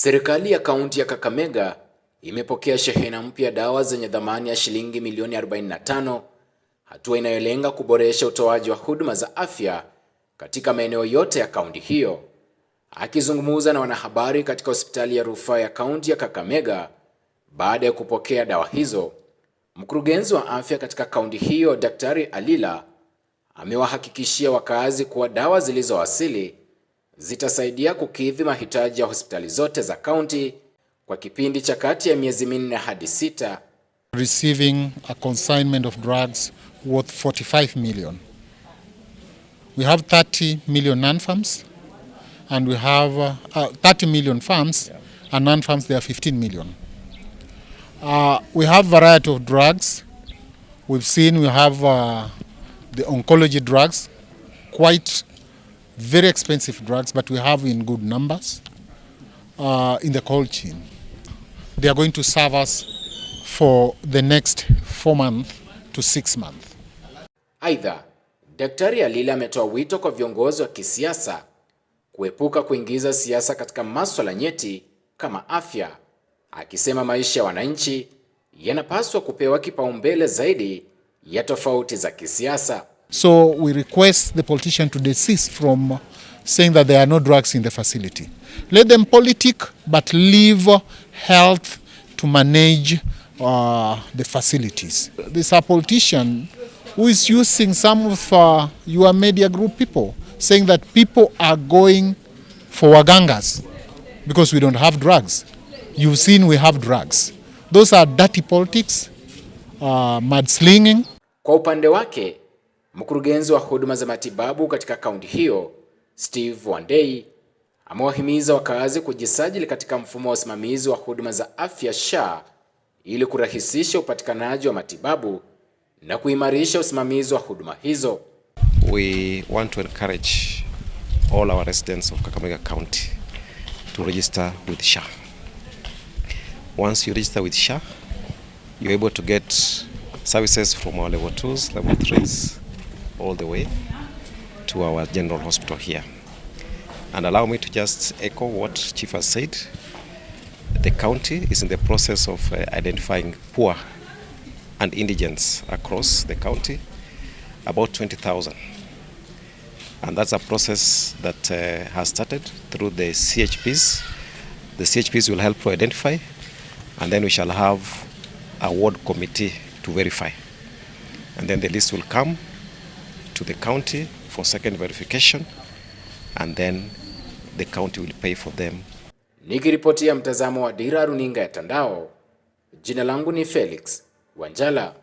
Serikali ya kaunti ya Kakamega imepokea shehena mpya dawa zenye dhamani ya shilingi milioni 45, hatua inayolenga kuboresha utoaji wa huduma za afya katika maeneo yote ya kaunti hiyo. Akizungumza na wanahabari katika hospitali ya rufaa ya kaunti ya Kakamega baada ya kupokea dawa hizo, mkurugenzi wa afya katika kaunti hiyo Daktari Alila amewahakikishia wakaazi kuwa dawa zilizowasili zitasaidia kukidhi mahitaji ya hospitali zote za kaunti kwa kipindi cha kati ya miezi minne hadi sita. Receiving a consignment of drugs worth 45 million. We have 30 million non-farms and we have uh, 30 million farms and non-farms there are 15 million. Uh, we have variety of drugs. We've seen we have uh, the oncology drugs quite very expensive drugs, but we have in good numbers uh, in the cold chain. They are going to serve us for the next four months to six months. Aidha, Daktari Alila ametoa wito kwa viongozi wa kisiasa kuepuka kuingiza siasa katika maswala nyeti kama afya, akisema maisha ya wananchi yanapaswa kupewa kipaumbele zaidi ya tofauti za kisiasa. So we request the politician to desist from saying that there are no drugs in the facility. Let them politic, but leave health to manage uh, the facilities. There's a politician who is using some of uh, your media group people, saying that people are going for wagangas because we don't have drugs. You've seen we have drugs. Those are dirty politics, uh, mudslinging. Kwa upande wake Mkurugenzi wa huduma za matibabu katika kaunti hiyo Steve Wandei amewahimiza wakazi kujisajili katika mfumo wa usimamizi wa huduma za afya SHA ili kurahisisha upatikanaji wa matibabu na kuimarisha usimamizi wa huduma hizo. We want to encourage all our residents of Kakamega County to register with SHA. Once you register with SHA, you're able to get services from our level 2s, level 3s all the way to our general hospital here. And allow me to just echo what Chief has said. The county is in the process of uh, identifying poor and indigents across the county, about 20,000. And that's a process that uh, has started through the CHPs. The CHPs will help to identify, and then we shall have a ward committee to verify. And then the list will come to the county for second verification and then the county will pay for them. Nikiripotia mtazamo wa Dira Runinga ya Tandao, jina langu ni Felix Wanjala.